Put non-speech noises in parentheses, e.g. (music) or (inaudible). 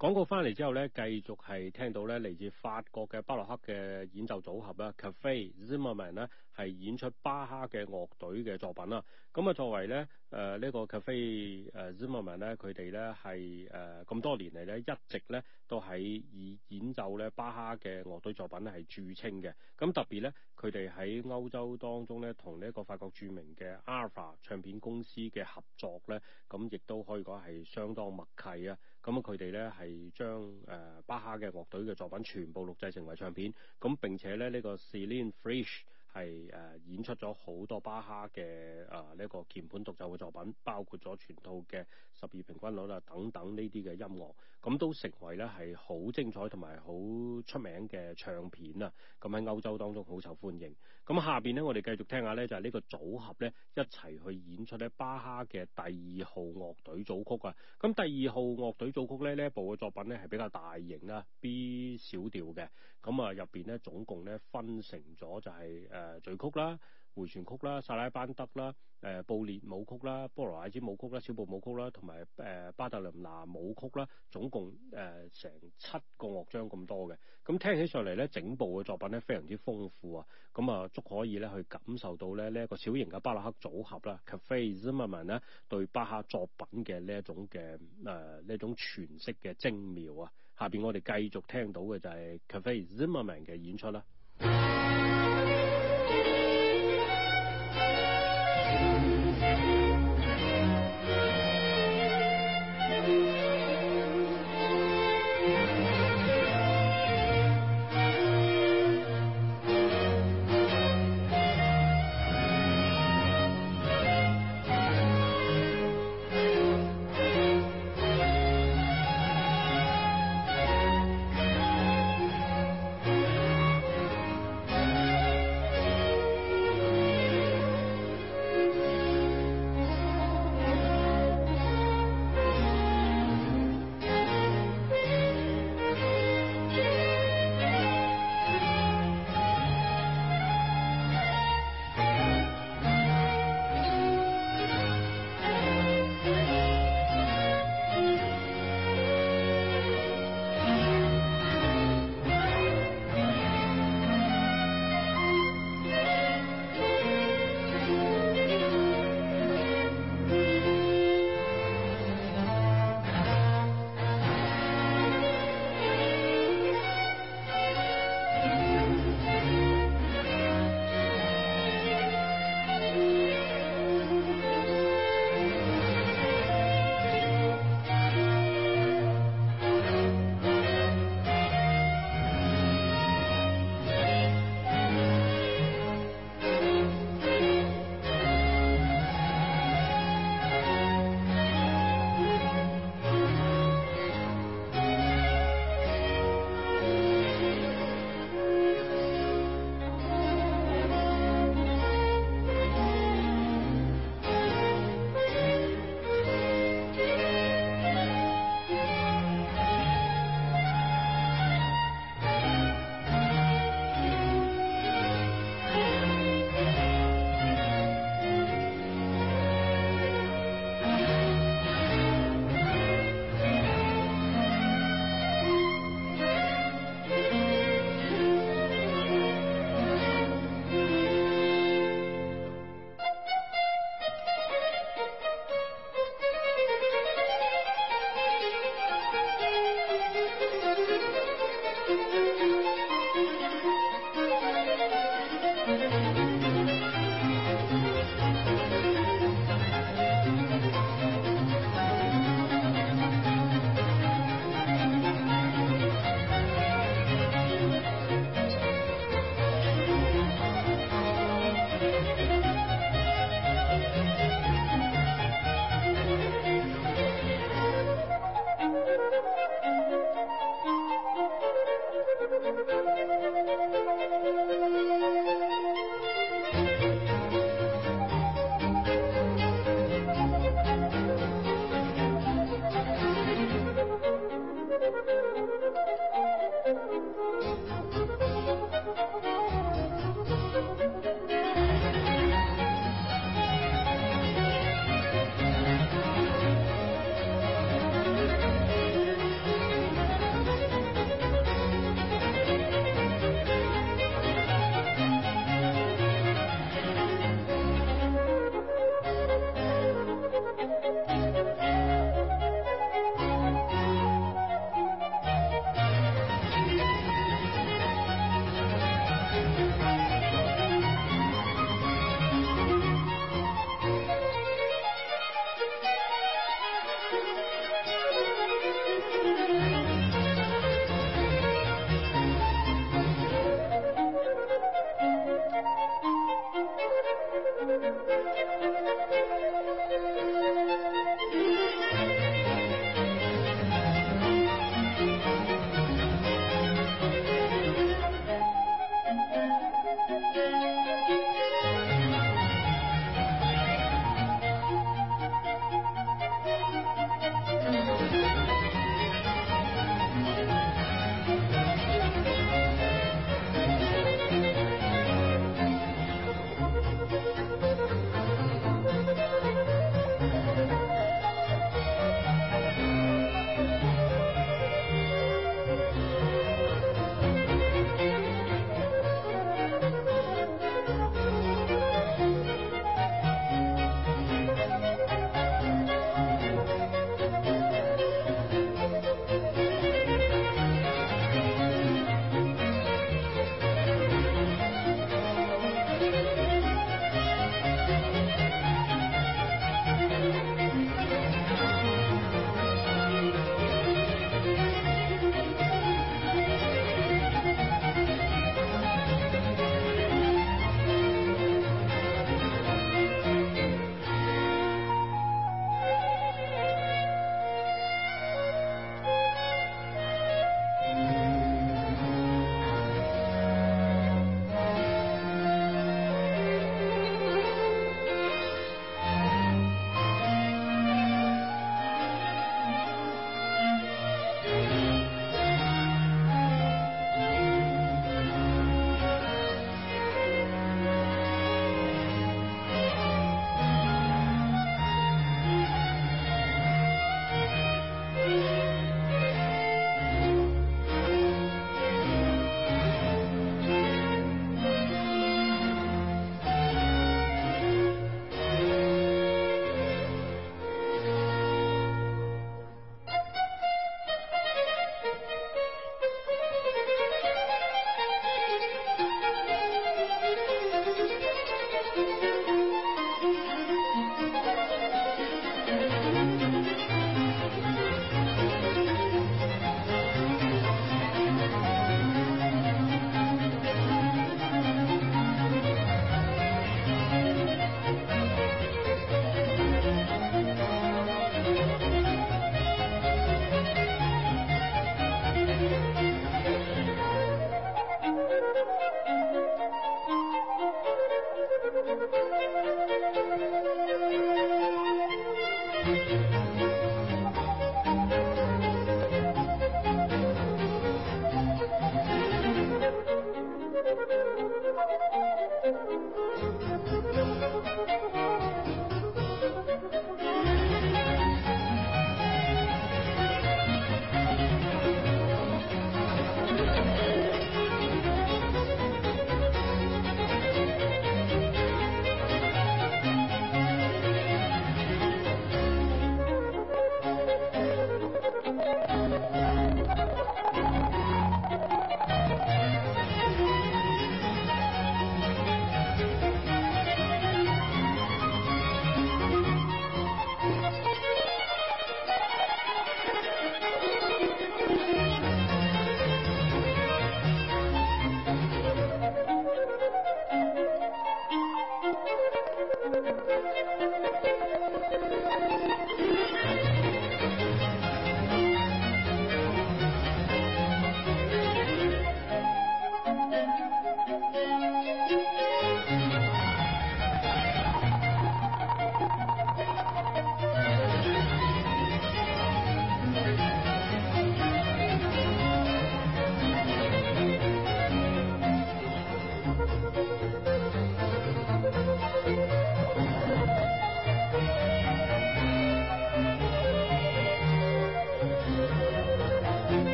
廣告翻嚟之後咧，繼續係聽到咧嚟自法國嘅巴洛克嘅演奏組合啦，Cafe Zimmermann 咧係演出巴哈嘅樂隊嘅作品啦。咁啊，作為咧誒呢個 Cafe Zimmermann 咧，佢哋咧係誒咁多年嚟咧，一直咧都係以演奏咧巴哈嘅樂隊作品咧係著稱嘅。咁特別咧，佢哋喺歐洲當中咧，同呢一個法國著名嘅 Alpha 唱片公司嘅合作咧，咁亦都可以講係相當默契啊！咁佢哋咧係將誒巴哈嘅樂隊嘅作品全部錄製成為唱片，咁並且咧呢個 Celine Frisch。係誒、呃、演出咗好多巴哈嘅誒呢一個鍵盤獨奏嘅作品，包括咗全套嘅十二平均律啦等等呢啲嘅音樂，咁、嗯、都成為咧係好精彩同埋好出名嘅唱片啊，咁、嗯、喺歐洲當中好受歡迎。咁、嗯、下邊咧我哋繼續聽下咧就係呢個組合咧一齊去演出咧巴哈嘅第二號樂隊組曲啊。咁、嗯、第二號樂隊組曲咧呢一部嘅作品咧係比較大型啦，B 小調嘅。咁啊入邊咧總共咧分成咗就係、是、誒。誒序、呃、曲啦、回旋曲啦、薩拉班德啦、誒、呃、布列舞曲啦、波羅乃茲舞曲啦、小步舞曲啦，同埋誒巴特林娜舞曲啦，總共誒成、呃、七個樂章咁多嘅。咁、嗯、聽起上嚟咧，整部嘅作品咧非常之豐富啊！咁、嗯、啊，足可以咧去感受到咧呢一、這個小型嘅巴洛克組合啦、啊、 (music) （Café Zimmermann） 咧對巴赫作品嘅呢一種嘅誒呢一種詮釋嘅精妙啊。下邊我哋繼續聽到嘅就係 Café Zimmermann 嘅演出啦、啊。 (music)